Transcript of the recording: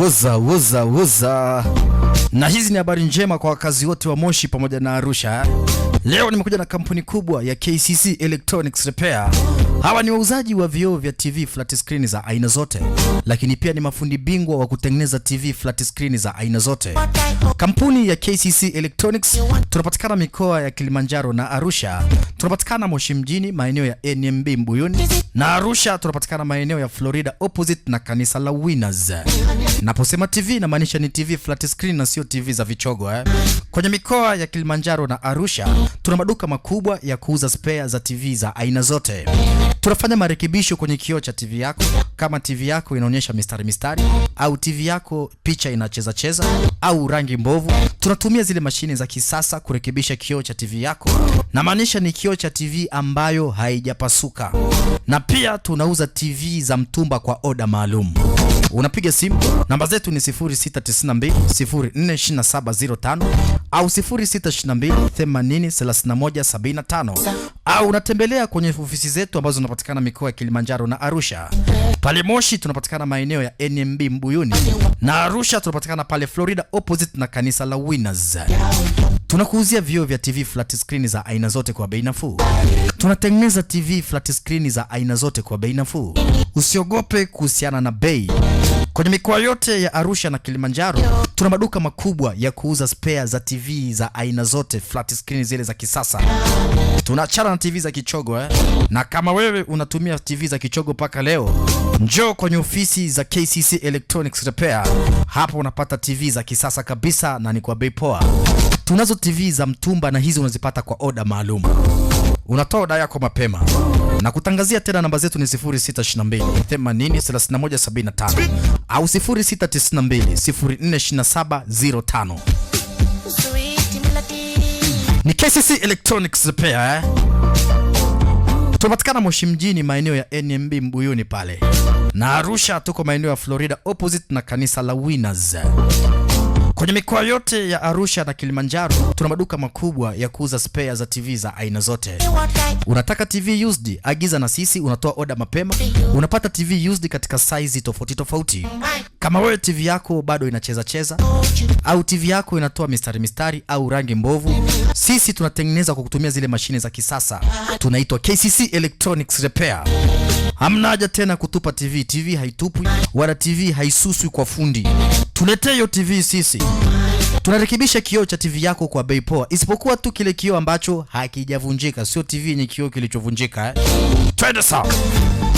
Waza, waza, waza. Na hizi ni habari njema kwa wakazi wote wa Moshi pamoja na Arusha. Leo nimekuja na kampuni kubwa ya KCC Electronics Repair Hawa ni wauzaji wa vioo vya TV flat screen za aina zote, lakini pia ni mafundi bingwa wa kutengeneza TV flat screen za aina zote. Kampuni ya KCC Electronics tunapatikana mikoa ya Kilimanjaro na Arusha. Tunapatikana Moshi mjini maeneo ya NMB Mbuyuni na Arusha tunapatikana maeneo ya Florida opposite na kanisa la Winners. Naposema TV namaanisha ni TV flat screen na sio TV za vichogo eh. Kwenye mikoa ya Kilimanjaro na Arusha tuna maduka makubwa ya kuuza spare za TV za aina zote. Tunafanya marekebisho kwenye kioo cha TV yako. Kama TV yako inaonyesha mistari mistari, au TV yako picha inacheza cheza, au rangi mbovu, tunatumia zile mashine za kisasa kurekebisha kioo cha TV yako. Namaanisha ni kioo cha TV ambayo haijapasuka, na pia tunauza TV za mtumba kwa oda maalum. Unapiga simu, namba zetu ni 0692 042705 au 0622 au unatembelea kwenye ofisi zetu ambazo zinapatikana mikoa ya Kilimanjaro na Arusha. Pale Moshi tunapatikana maeneo ya NMB Mbuyuni na Arusha tunapatikana pale Florida opposite na kanisa la Winners. Tunakuuzia vioo vya TV flat screen za aina zote kwa bei nafuu. Tunatengeneza TV flat screen za aina zote kwa bei nafuu. Usiogope kuhusiana na bei. Kwenye mikoa yote ya Arusha na Kilimanjaro tuna maduka makubwa ya kuuza spare za TV za aina zote, flat screen zile za kisasa. tunaachana na TV za kichogo eh? Na kama wewe unatumia TV za kichogo mpaka leo, njoo kwenye ofisi za KCC Electronics Repair. Hapo unapata TV za kisasa kabisa na ni kwa bei poa. Tunazo TV za mtumba na hizi unazipata kwa oda maalum. Unatoa oda yako mapema na kutangazia tena, namba zetu ni 0622 au 0692 0427 Ni KCC Electronics Repair eh? Tunapatikana Moshi mjini maeneo ya NMB Mbuyuni pale na Arusha tuko maeneo ya Florida opposite na kanisa la Winners. Kwenye mikoa yote ya Arusha na Kilimanjaro tuna maduka makubwa ya kuuza spare za TV za aina zote. Unataka TV used? Agiza na sisi, unatoa oda mapema, unapata TV used katika size tofauti tofauti. Kama wewe TV yako bado inacheza cheza au TV yako inatoa mistari mistari au rangi mbovu, sisi tunatengeneza kwa kutumia zile mashine za kisasa, tunaitwa KCC Electronics Repair. Hamna haja tena kutupa TV. TV haitupwi wala TV haisuswi kwa fundi. Tuletee hiyo TV sisi. Tunarekebisha kioo cha TV yako kwa bei poa, isipokuwa tu kile kioo ambacho hakijavunjika, sio TV yenye kioo kilichovunjika eh. Twende sawa.